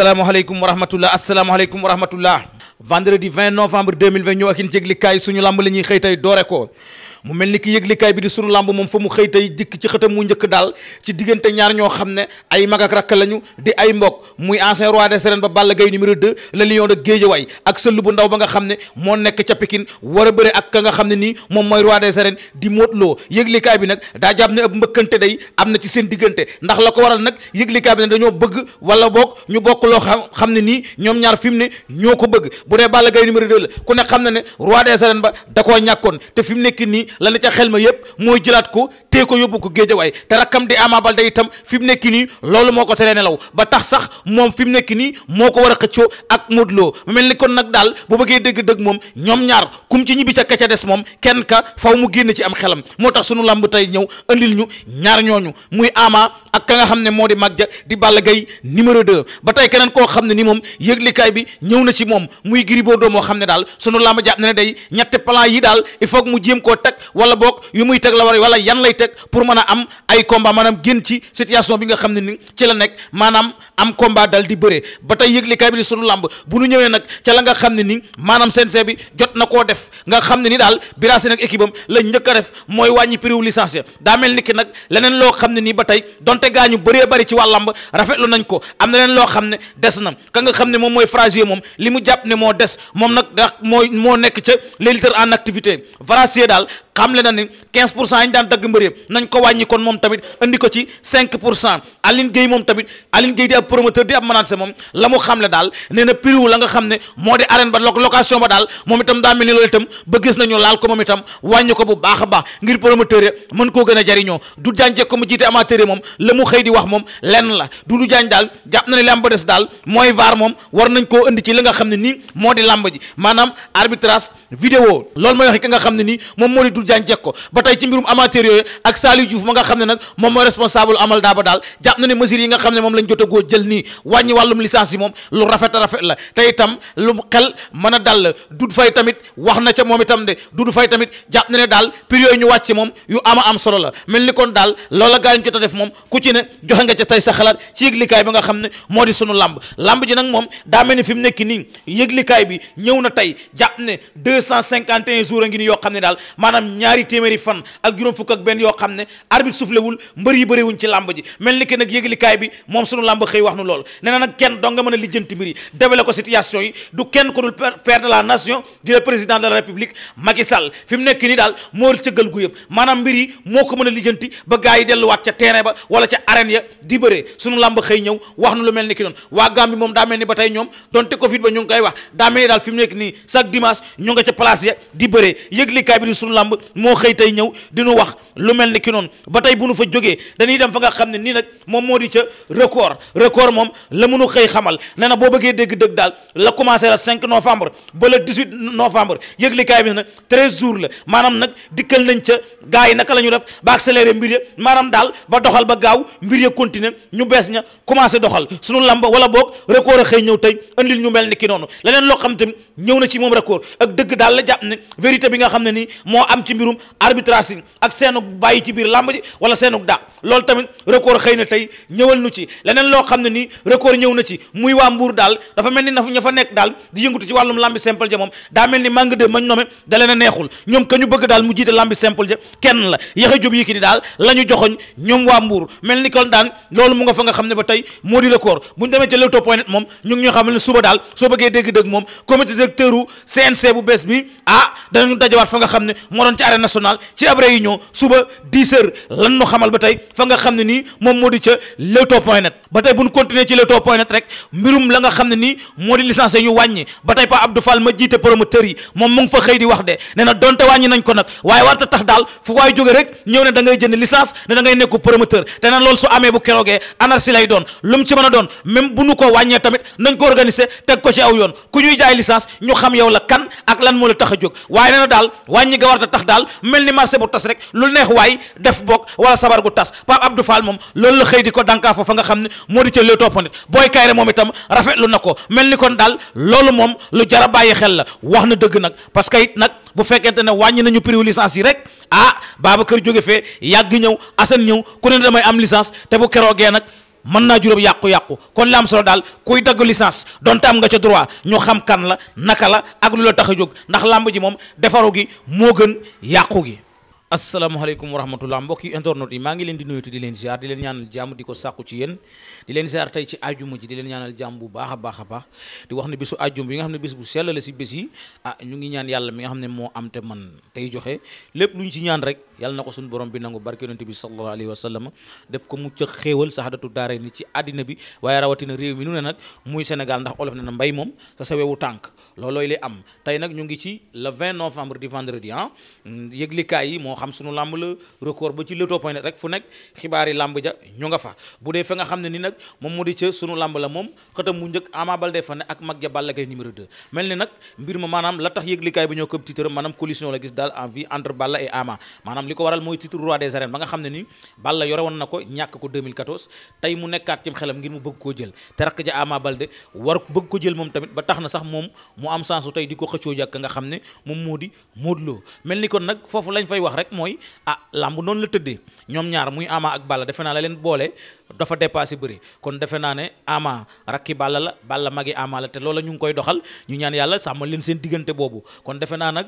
asalaamaaleykum wa rahmatullah asalaamaaleykum wa rahmatullah vendredi 20 novembre 2020 ñëw ak yéen jégli kaay suñu lamb la ñuy xëy tey doore ko mu mel ni ki yëglikaay bi di sunu làmb moom fa mu xëy tey dikk ci xëtam mu njëkk daal ci diggante ñaar ñoo xam ne ay mag ak rakk lañu di ay mbokk muy ancien roi des arènes ba Balla Gaye numéro 2 le lion de bu ndaw ba nga xam ne moo nekk ca Pikine ak ka nga xam ne nii moom mooy roi des arènes di Modou Lo yëglikaay bi nag daa jàpp ne ab mbëkkante day ci seen diggante ndax la ko waral nag yëglikaay bi ne dañoo bëgg wala boog ñu bokk loo xam xam ne nii ñoom ñaar fi mu ne ñoo ko bëgg bu dee Balla Gaye numéro 2 la ku ne xam ne ne roi des ba da koo ñàkkoon te fi nekk nii la ne ca xel ma yëpp mooy jëlaat ko tee ko yóbbu ko géejawaay te rakkam di Ama Baldé itam fi mu nekk nii loolu moo ko teree nelaw ba tax sax moom fi mu nekk nii moo ko war a xëccoo ak Modou Lo mel ni kon nag daal bu bëggee dëgg-dëgg moom ñoom ñaar kum ci ñibbi ca ka ca des moom kenn ka faw mu génn ci am xelam moo tax sunu làmb tey ñëw andil ñu ñaar ñooñu muy Ama ak ka nga xam ne moo di mag ja di Balla Gaye numéro 2 ba tey keneen koo xam ne ni moom yëglikaay bi ñëw na ci moom muy Gris Bordeaux moo xam ne daal sunu làmb jàpp na ne day ñetti yi daal il mu jéem koo teg wala boog yu muy teg la war wala yan lay teg pour mën a am ay combat maanaam génn ci situation bi nga xam ne ni ci la nekk maanaam am combat dal di bëree ba tey yëglikaay bi di sunu làmb bu nu ñëwee nag ca la nga xam ne ni maanaam CNG bi jot na koo def nga xam ne ni daal biraase nag équipe la njëkk a def mooy wàññi prix wu licence daa mel ni ki nag leneen loo xam ne nii ba tey donte gaañu bëree bari ci waa làmb rafetlu nañ ko am na leen loo xam ne des na ka nga xam ne moom mooy fragier moom li mu jàpp ne moo des moom nag moo moo nekk ca les lutteurs en activité fragier daal xam le na ni 15 pour cent yi ñu daan dagg mbër yëpp nañ ko wàññi kon moom tamit andi ko ci 5 pour cent Aline Gueye moom tamit Aline Gueye di ab promoteur di ab manager moom la mu xam le daal nee na la nga xam ne moo di arène ba location ba daal moom itam daa mel ni loolu itam ba gis nañu laal ko moom itam wàññi bu baax a baax ngir promoteur ya mën koo gën a jariñoo du jànjek ko mu jiite amateur yi moom la mu xëy di wax moom la du moo di làmb ji ba ma nga xam ne nag moom mooy responsable amal daaba daal jàpp na ne mesures yi nga xam ne moom lañ jotagoo jël nii wàññi wàllum licence yi moom lu rafet a rafet la te itam lu xel mën a dal la Doudou fay tamit wax na ca moom itam de Doudou Faye tamit jàpp na ne daal prix yooyu ñu wàcc moom yu ama am solo la mel ni kon daal loola gaa ñu jot def moom ku ci joxe nga ca tey sa xalaat ci yëglikaay bi nga xam ne moo di sunu lamb lamb ji nag moom daa mel ni fi mu nekk nii yëglikaay bi ñëw na tey jàpp ne deux cent cinquante et un jours a ngi ni yoo xam ne daal maanaam ñaari téeméeri fan ak juróom fukk ak benn yoo xam ne arbitre soufflé wul mbër yi bëriwuñ ci làmb ji mel ni que nag yëglikaay bi moom sunu sunu làmb xëy wax nu loolu kenn doo nga mën a lijjanti mbir yi dévelé ko situation yi du kenn ku dul père de la nation di le président de la république Macky Sall nekk nii daal moo cëggal gu yëpp maanaam mbir yi moo ko mën a lijjanti ba gars yi delluwaat ca terrain ba wala ca arène ya di bëree sunu làmb xëy ñëw waa Gambie moom daa mel ni ba tey ñoom donte Covid ba ñu ngi koy wax daa mel ni daal fi mu nekk nii chaque dimanche ñu nga ca place ya di bëree yëglikaay lu mel ni ki noonu ba tey bu nu fa jógee dañuy dem fa nga xam ne nii nag moom moo di ca record record moom la mënu xëy xamal nee na boo bëggee dégg-dëgg daal la commencé la 5 novembre ba le 18 novembre yëglikaay bi nag 13 jours la maanaam nag dikkal nañ ca gars yi naka la ñu def ba accéléré mbir ya maanaam daal ba doxal ba gaaw mbir ya continuer ñu bees ña commencé doxal suñu lamba wala boog record xëy ñëw tey andil ñu mel ni ki noonu leneen loo xam tamit ñëw na ci moom record ak dëgg daal la jàpp ne vérité bi nga xam ne nii moo am ci mbirum arbitrage ak seen bàyyi ci biir làmb ji wala seenug da loolu tamit record xëy na tey ñëwal nu ci leneen loo xam ne nii record ñëw na ci muy waa mbuur daal dafa mel ni na fa nekk daal di yëngutu ci wàllum lambi simple ja moom daa mel ni màng de mañ nome da a daal loolu mu nga fa nga xam ne ba tey moo di record bu ñu demee ca Leewtoo point moom ñu ngi xam ne suba daal soo bëggee dégg-dégg moom comité directeur u CNC bu bees bi ah danañu dajawaat fa nga xam ne moo doon suba 10 heures lan nu xamal ba tey fa nga xam ne nii moom moo di ca Leewtoo net ba tey bu ñu continuer ci Leewtoo net rek mbirum la nga xam ne nii moo di licence ñu wàññi ba tey Pa Abdou Fall ma jiite promoteur yi moom mu fa xëy di wax de nee na donte wàññi nañ ko nag waaye warta tax daal fu waay jóge rek ñëw ne da ngay jënd licence ne da nekku promoteur te nag loolu su amee bu keroogee anarchie lay doon lu ci mën a doon même bu nu ko wàññee a neex waay def bokk wala sabar gu tas Pape Abdou Fall moom loolu la xëy di ko dankaa fa nga xam ne moo di ca Leewtoo point Kayre moom itam rafetlu na ko mel ni kon daal loolu moom lu jar a bàyyi xel la wax na dëgg nag parce nag bu fekkente ne wàññi nañu prix licence yi rek ah Babacar jóge fee yàgg ñëw Assane ñëw ku ne damay am licence te bu keroogee nag mën naa juróom yàqu-yàqu kon la am solo daal kuy dagg licence donte am nga ca droit ñu xam kan la naka la ak lu la tax a jóg ndax làmb asalaamaaleykum wa rahmatullah mbokki internet yi maa ngi leen di nuyu di leen ziar di leen ñaanal jàmm di ko sàkku ci yéen di leen ziar tey ci ajuma ji di leen ñaanal jàmm bu baax a baax a baax di wax ne bisu ajum bi nga xam ne bis bu sell la si bés yi ah ñu ngi ñaan yàlla mi nga xam ne moo am te man tey joxe lépp lu ñu ci ñaan rek yàlla na ko suñu borom bi nangu barke yonent bi sallallahu alayhi wa sallam def ko mucc xéewal saxadatu daara ni ci àddina bi waaye rawatina réew mi nu ne nag muy Sénégal ndax olof ne na mbay moom sa sa wewu tànk loolooy lay am tey nag ñu ngi ci le 20 novembre di vendredi ah, yëglikaay yi moo xam sunu làmb la record ba ci Leewtoo point net rek fu nekk xibaari làmb ja ñu nga fa bu dee fa nga xam ne ni nag moom moo di ca sunu làmb la moom xëtam mu njëkk Ama Baldé fa ne ak mag ja la tax yëglikaay bi ñoo la gis daal en li ko waral mooy titre roi des arènes ba nga xam ne ni Balla yore woon na ko ñàkk ko 2014 tey mu nekkaat cim xelam ngir mu bëgg koo jël te rakk ja Ama Baldé war bëgg ko jël moom tamit ba tax na sax moom mu am sens tey di ko xëccoo jàkk nga xam ne moom moo di Modou Lo mel ni kon nag foofu lañ fay wax rek mooy ah làmb noonu la tëddee ñoom ñaar muy Ama ak Balla defe naa la leen boole dafa dépassé bëri kon defe naa ne Ama rakki Balla la Balla magi Ama la loola ñu ngi koy doxal ñu ñaan yàlla sàmmal leen seen diggante boobu kon defe naa nag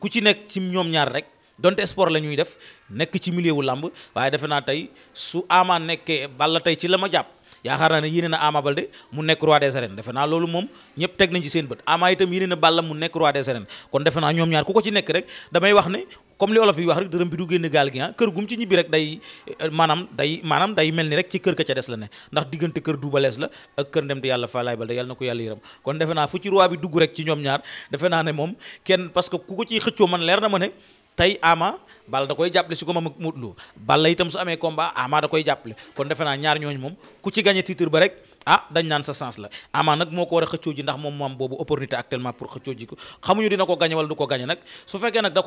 ku ci nekk ci ñoom ñaar rek donte sport la ñuy def nekk ci milieu wu làmb waaye defe naa tey su Ama nekkee Balla tey ci la ma jàpp yaakaar naa ne yéene na Ama Baldé mu nekk roi des arènes defe naa loolu moom ñëpp teg nañ ci seen bët Ama itam yéene na Balla mu nekk roi des arènes kon defe naa ñoom ñaar ku ko ci nekk rek damay wax ne wax rek bi du génn gaal gi ah kër gum ci ñibbi rek day eh, maanaam day maanaam ni rek ci kër ka ca des la ne ndax diggante kër duubalees la ak kër ndem yàlla fa laay Baldé yàlla na ko yàlla yërëm kon defe naa fu ci bi dugg rek ci ñoom ñaar defe naa ne moom kenn parce que ku ko ciy xëccoo man leer na ma ne tey ama bal da koy jàppale si ko moom ak Modou Lo bal la itam su amee combat ama da koy jàppale kon defe naa ñaar ñooñ moom ku ci gagné titre ba rek ah dañ naan sa sens la ama nag moo ko war a xëccoo ji ndax moom moom boobu opportunité actuellement pour xëccoo ji ko xamuñu dina ko gagné wala du ko gagné nag su fekkee nag da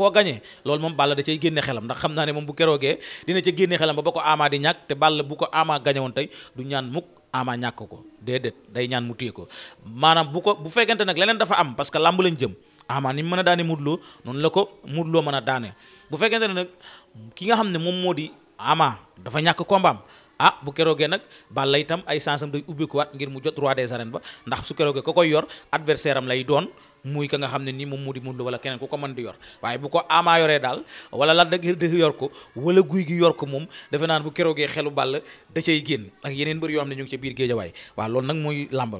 moom bal da cay génne ndax xam naa ne moom bu keroogee dina ca génne xelam ba ba ko ama di ñàkk te bal bu ko ama gagné woon tey du ñaan mukk ama ñàkk ko déedéet day ñaan mu téye ko maanaam bu ko bu fekkente nag leneen dafa am parce que làmb lañ jëm ama ni mu mën a daane Modou Lo noonu la ko Modou Lo mën a daane bu fekkente ne nag ki nga xam ne moom moo di ama dafa ñàkk kombaam ah bu keroogee nag Balla itam ay chance am day ubbikuwaat ngir mu jot roi de arènes ba ndax su keroogee ko koy yor adversaire am lay doon muy ka nga xam ne nii moom moo di Modou Lo wala keneen ku ko mën di yor waaye bu ko Ama yoree daal wala la da dëgg yor ko wala guy gi yor ko moom defe naan bu keroogee xelu Balla da cay génn ak yeneen mbër yoo xam ne ca biir géejawaay waaw loolu nag mooy làmb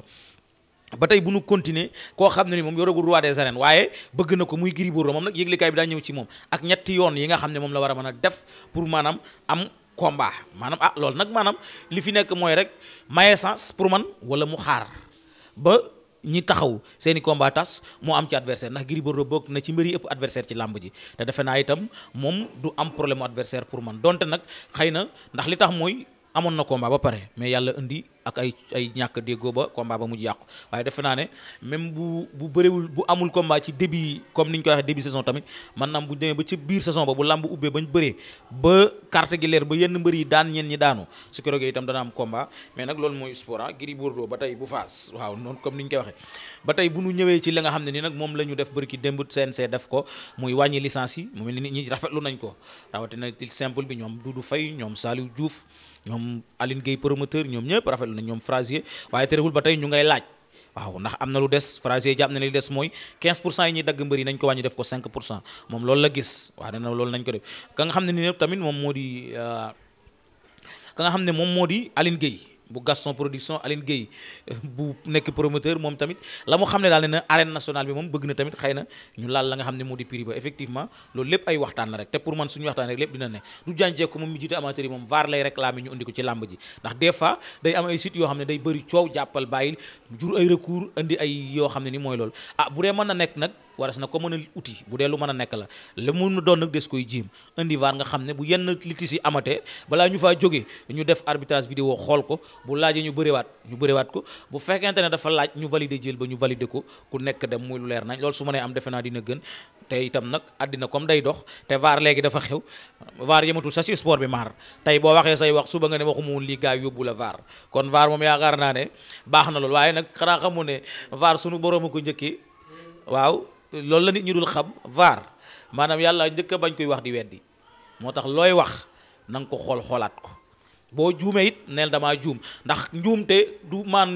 ba tey bu nu continuer koo xam ne ni moom yoragul roi des arènes waaye bëgg na ko muy Gris Bordeaux moom nag yëglikaay bi daa ñëw ci moom ak ñetti yoon yi nga xam ne moom la war a mën a def pour maanaam am combat maanaam ah loolu nag maanaam li fi nekk mooy rek maye sens pour man wala mu xaar ba ñi taxaw seeni combat tas moo am ci adversaire ndax Gris Bordeaux bokk na ci mbëri ëpp adversaire ci làmb ji te defe naa itam moom du am problème adversaire pour man donte nag xëy na ndax li tax mooy amoon na combat ba pare mais yàlla indi ak ay ay ñàkk déggoo ba combat ba mujj yàqu waaye defe naa ne même bu bu bëriwul bu amul combat ci début comme ni ñu ko waxee début saison tamit man naam bu demee ba ci bu làmb ubbee bañ bëree ba carte gi leer ba yenn mbër yi daan ñenn ñi daanu su ko rogee itam dana am combat mais nag loolu mooy sport ah Gris Bordeaux ba tey bu faas waaw noonu comme ni ñu koy waxee ba tey bu ñu ñëwee ci li nga xam ne ni nag moom lañu def bëri ki démb CNC def ko muy wàññi licence yi mu mel ñi rafetlu nañ ko rawatina simple bi ñoom Doudou Faye ñoom Saliou Diouf ñoom Aline Gueye promoteur ñoom ñëpp rafet na ñoom Frasier waaye terewul ba tey ñu ngay laaj waaw ndax am na lu des Frasier jàpp na li des mooy 15 pour cent yi ñuy dagg mbër yi nañ ko wàññi def ko 5 pour cent moom loolu la gis waaw na loolu nañ ko def ka nga xam ne nii tamit moom moo di euh, ka nga xam ne moom moo di Aline géey bu Gaston production Aline Gueye bu nekk promoteur moom tamit la mu xam ne daal ne na arène nationale bi moom bëgg na tamit xëy na ñu laal la nga xam ne moo di prix ba effectivement loolu lépp ay waxtaan la rek te pour man suñu waxtaan rek lépp dina ne du jànjee ko moom mi jiite amateur yi moom vaar lay ay sites yoo xam ne day bëri coow jàppal bàyyil ay yoo xam ne ni mooy loolu ah bu dee mën na nekk nag waras na ko mën a uti bu dee lu mën a nekk la li mu doon nag des koy jiim indi vaar nga xam ne bu yenn litis yi amatee balaa ñu faa jógee ñu def arbitrage vidéo xool ko bu laajee ñu bëriwaat ñu bëriwaat ko bu fekkente ne dafa laaj ñu valider jël ba ñu valider ko ku nekk dem muy lu leer nañ lool su ma nee am defe naa dina gën te itam nag àddina comme day dox te vaar léegi dafa xew vaar yëmatul sax ci sport bi maar tey boo waxee say wax suba nga ne waxuma woon lii gaa yóbbu la vaar kon vaar moom yaakaar naa ne baax na loolu waaye nag xanaa xamu ne vaar sunu borom ko njëkkee waaw loolu la nit ñi dul xam vaar maanaam yàlla njëkk bañ koy wax di weddi moo tax looy wax na nga ko xool xoolaat ko boo juumee it neel damaa juum ndax te du maan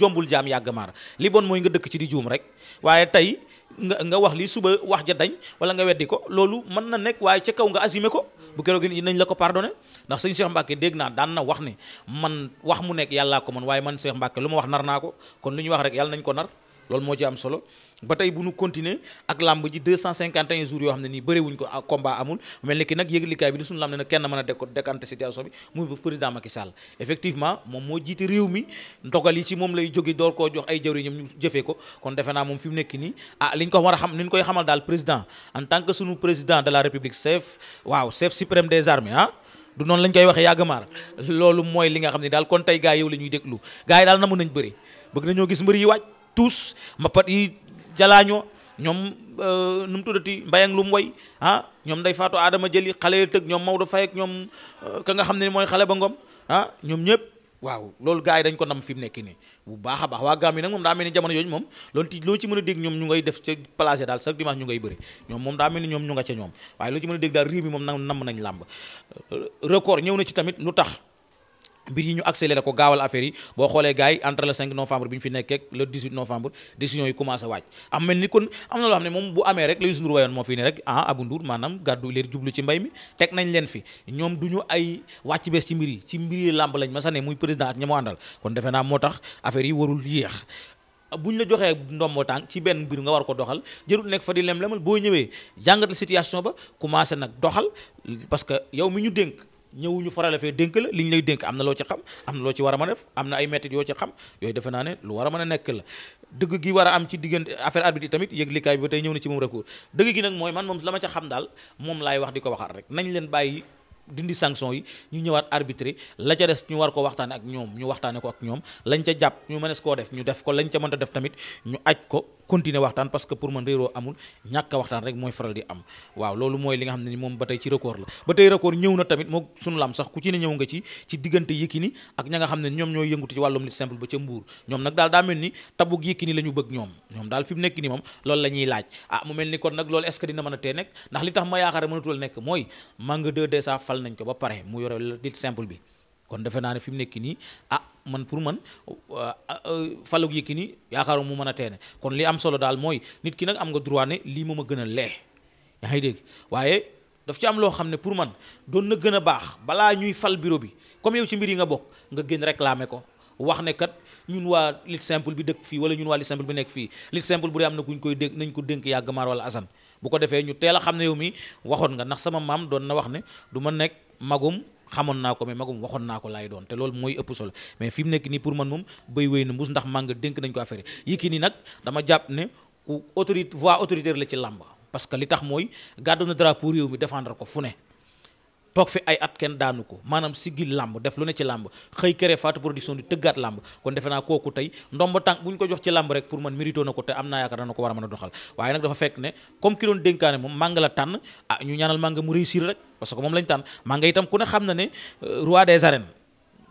jombul jaam yàgg maar li bon mooy nga dëkk ci di juum rek waaye tey nga nga wax li suba wax ja dañ wala nga weddi ko loolu mën na nekk waaye ca kaw nga assumé ko bu keroog nañ la ko pardonné ndax sëñ Cheikh Mbacke dégg naa daan na wax ne man wax mu nekk yàllaa ko man waaye man Cheikh Mbacke lu ma wax nar naa ko kon lu ñu wax rek yàlla nañ ko nar loolu moo ci am solo ba tey bu ñu continuer ak làmb ji 251 jours yoo xam ne nii moom lay jóge door koo jox ay jawriñam ñu jëfee ko kon defe naa moom fi mu nekk nii ah a xam li ñu koy xamal daal président en tant que suñu président de la ah, noonu lañ koy waxee yàgg maar loolu mooy li nga xam ne daal kon tey gaa yow la déglu gaa yi daal na mën nañ bëri bëgg nañoo gis mbër yi waaj tous mbapat yi jalaañoo ñoom euh, nu mu tuddati mbayang lu mu way ah ñoom day faatu aadama jëli xale ya tëg ñoom Maodo Faye ak ñoom euh, ka nga xam ne mooy xale ba ngom ah, ñoom ñëpp waaw loolu gars yi dañ ko nam fi mu nekk nii bu baax a baax waa gaam yi nag moom daa mel ni jamono yooyu moom loolu ci mën a dégg ñoom ñu ngay def ca placé daal chaque dimanche ñu ngay bëri ñoom moom daa mel ni ñoom ñu nga ca ñoom waaye loo ci mën a dégg daal réew mi moom nam nañ làmb euh, record ñëw na ci tamit lu tax mbir yi ñu accéléré ko gaawal affaire yi boo xoolee gars entre le 5 novembre bi ñu fi nekkee le 18 novembre décision yi commencé waaj am mel ni kon am na loo xam ne moom bu amee rek la Youssou wayoon moo fi ne rek ah Abou Ndour maanaam gàddu leer jublu ci leen fi ñoom du ñu ay wàcc bees mbir yi ci mbir yi làmb lañ ma sane muy président ak ña mu kon defe naa moo tax affaire yi warul yéex bu ñu la joxee ndombo tànk ci benn mbir nga war ko doxal jërul nekk fa di lem-lemal boo ñëwee jàngatal situation ba commencé nag doxal parce que yow mi ñu dénk ñëwuñu farale fee dénk la liñ lay dénk am na loo ci xam am na loo ci war a mën def am na ay méthodes yoo ci xam yooyu defe naa ne lu war a mën a nekk la dëgg gi war a am ci diggante affaire arbitre tamit yëglikaay bi ba ñëw na ci moom recours dëgg gi nag mooy man moom la ma ca xam daal moom laay wax di ko waxaat rek nañ leen bàyyi dindi sanction yi ñu ñëwaat arbitré la ca des ñu war ko waxtaane ak ñoom ñu waxtaane ko ak ñoom lañ ca jàpp ñu mënees koo def ñu def ko lañ ca mënta def tamit ñu aj ko continuer waxtaan parce que pour man réeroo amul ñàkk a waxtaan rek mooy faral di am waaw loolu mooy li nga xam ne ni moom ba tey ci record la ba tey record ñëw na tamit moo sunu lam sax ku ci ne ñëw nga ci ci diggante Yékini ak ña nga xam ne ñoom ñooy yëngutu ci wàllum lutte simple ba ca Mbour ñoom nag daal daa mel ni tabug Yékini la ñu bëgg ñoom ñoom daal fi mu nekk moom loolu la laaj ah mu mel ni kon nag loolu est dina mën a tee nekk ndax bi kon defe naa man pour man euh, euh, falug Yékini yaakaaru mu man a teene kon li am solo daal mooy nit ki nag am nga droit ne lii moom a gën a lee yaa ngi dégg waaye daf ci am loo xam ne pour man doon na gën a baax balaa ñuy fal bureau bi comme yow ci mbir yi nga bokk nga gën réclamer ko wax ne kat ñun waa lit simple bi dëkk fii wala ñun waa lit simple bi nekk fii lit simple bu dee am na kuñ koy dénk nañ ko dénk yàgg maar wala asan bu ko defee ñu teel a xam ne yow mi waxoon nga ndax sama maam doon na wax xamoon naa ko mais magum waxoon naa ko laay doon te loolu mooy ëpp solo mais fi mu nekk nii pour man moom béy wéy na mbuus ndax màng dénk nañ ko affaire yi ki nii nag dama jàpp ne ku autorité voix autoritaire la ci làmb parce que li tax mooy gàddu na dara pour réew mi défendre ko fu ne toog fi ay at kenn daanu ko maanaam sigil làmb def lu ne ci làmb xëy kere Fatou production di tëggaat làmb kon defe naa kooku tey ndomba tànk bu ñu ko jox ci làmb rek pour man mérito na ko te am naa yaakaar dana ko war a mën a doxal waaye nag dafa fekk ne comme ki doon dénkaane moom manga la tànn ah ñu ñaanal manga mu réussir rek parce que moom lañ tànn manga itam ku ne xam na ne euh, roi des arènes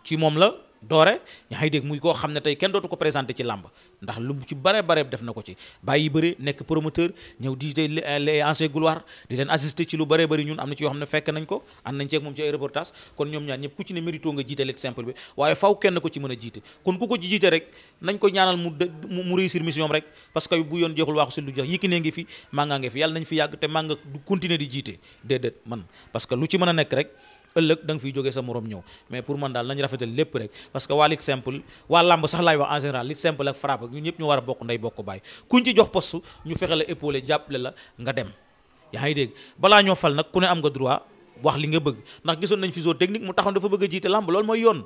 ci moom la doore yaa ngi dégg muy koo xam ne tey kenn dootu ko présenté ci làmb ndax lu ci bare bare def na ko ci bàyyi bëri nekk promoteur ñëw di tey les anciens gloires di leen assister ci lu bare bëri ñun am na ci yoo xam ne fekk nañ ko am nañ ceeg moom ci ay reportage kon ñoom ñaar ñëpp ku ci ne mérito nga jiite leg simple bi waaye faw kenn ko ci mën a jiite kon ku ko ci jiite rek nañ ko ñaanal mu mu réussir mission rek parce que bu yoon jeexul waaxu si lu jeex yiki nee ngi fi maa ngaa ngi fi te maa nga du di jiite déedéet parce que lu ci mën a nekk rek ëllëg da nga fiy jógee sa morom ñëw mais pour man daal nañ rafetal lépp rek parce que waa lit simple waa làmb sax laay wax en général ak frappe ak ñëpp ñu war a bokk bokk bàyyi kuñ ci jox poste la nga dem yaa ngi dégg balaa ñoo fal nag ku ne am nga droit li nga bëgg ndax gisoon nañ physio technique mu taxoon dafa bëgg a jiite làmb loolu mooy yoon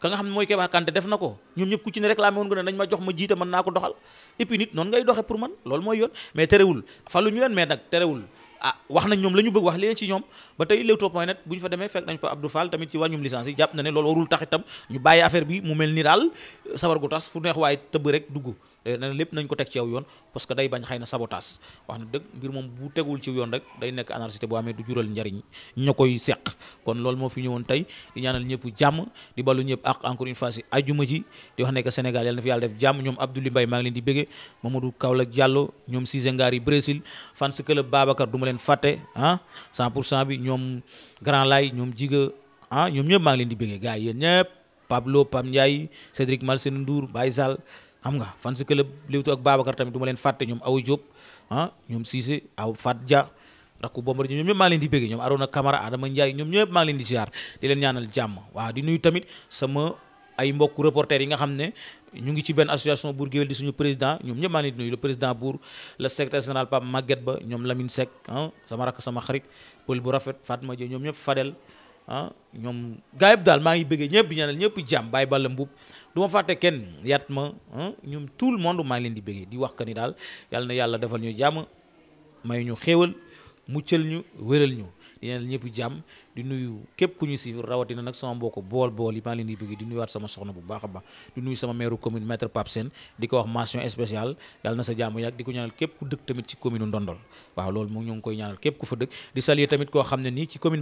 ka nga xam ne mooy Keba Kanté def na ko ñoom ñëpp ku ci ne réclamé woon nga ne nañ ma jox ma jiite mën naa ko doxal et puis nit noonu ngay doxee pour man loolu mooy yoon mais terewul faluñu leen mais nag terewul ah wax nañ ñoom la ñu bëgg wax leen ci ñoom ba tey Leewtoo point net bu ñu fa demee fekk nañ fa Abdou Fall tamit ci wàññum licence yi jàpp na ne loolu warul tax itam ñu bàyyi affaire bi mu mel ni daal sabar gu tas fu neex waaye tëbb rek dugg dana eh, lépp nañ ko teg ci aw yoon parce que day bañ xëy na sabotage wax na dëgg mbir moom bu tegul ci yoon rek day nekk anarchie boo amee du jural njariñ ña koy seq kon loolu moo fi ñëwoon tey di ñaanal ñëpp jàmm di ballu ñëpp ak encore une ajuma ji di wax nekk Sénégal yàlla na fi yàlla def jàmm ñoom Abdoulaye Mbaye maa leen di béggee Mamadou Kaolack Diallo ñoom Cissé Ngari Brésil fans club Babacar ma leen fàtte ah 100 pour bi ñoom Grand ah, xam nga fan si club Leewtoo ak Babacar tamit du ma leen fàtte ñoom Awa Diop ah ñoom Cissé aw Fat Dia rakku bombar ñoom ñëpp maa leen di bëgg ñoom Arona Camara Adama Ndiaye ñoom ñëpp maa leen di ziar di leen ñaanal jàmm waaw di nuyu tamit sama ay mbokku reporter yi nga xam ne ñu ngi ci benn association Bour Gueweul di suñu président ñoom ñëpp maa leen di nuyu le président Bour le secrétaire général Pape Maguette Ba ñoom Lamine Seck ah sama rakk sama xarit pël bu rafet Fatma Diop ñoom ñëpp Fadel ah ñoom gaa yëpp daal maa ngi bëggee ñëpp di ñaanal ñëpp jàmm bàyyi bàllam buub du ma fàtte kenn yat ma ñoom tout le monde maa leen di bëggee di wax ko ni daal yàlla na yàlla defal ñu jàmm may ñu xéewal muccal ñu wéral ñu yéen ñëpp jàmm di nuyu képp ku ñu suivre rawatina nag sama mbokk bool bool yi maa leen di bëgg di sama soxna bu baax a baax di nuyu sama maire commune maître Pape di ko wax mention spéciale yàlla na sa jàmm yàgg di ko ñaanal képp ku dëkk tamit ci commune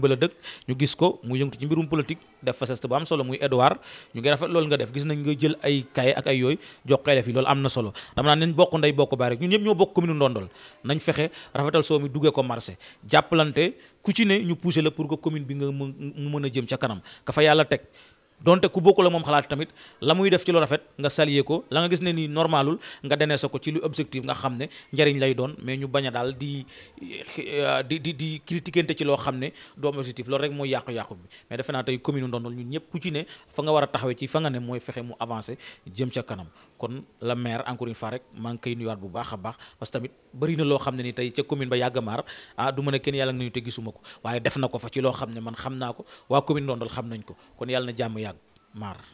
ba la dëkk ñu gis ko mu yëngatu ci mbirum politique def fa bu am solo muy Edouard ñu ngi rafet loolu nga def gis nañ nga jël ay kaye ak ay yooyu jox xele fi loolu am na solo dama naan nañ bokk ñu pousser la pour que commune bi nga mu mën a jëm ca kanam ka fa yàlla teg donte ku bokk la moom xalaat tamit la muy def ci lu rafet nga saluer ko la nga gis ne ni normalul nga denee sa ko ci lu objectif nga xam ne njariñ lay doon mais ñu bañ a daal di euh, di di di critiquente ci loo xam ne doom am objectif loolu rek mooy yàqu-yàqu bi mais defe naa tey commune Ndondol ñun ñëpp ku ci ne fa nga war a taxawee ci fa nga ne mooy fexe mu avancer jëm ca kanam kon la maire encore une fois rek maa ngi koy nuyuwaat bu baax a baax parce tamit bëri loo xam ne ni tey ca commune ba yàgg maar ah du ma ne kenn yàlla nga nuyu te gisuma ko waaye def na ko fa ci loo xam ne man xam naa ko waa commune Ndondol xam nañ ko kon yàlla na jàmm yàgg maar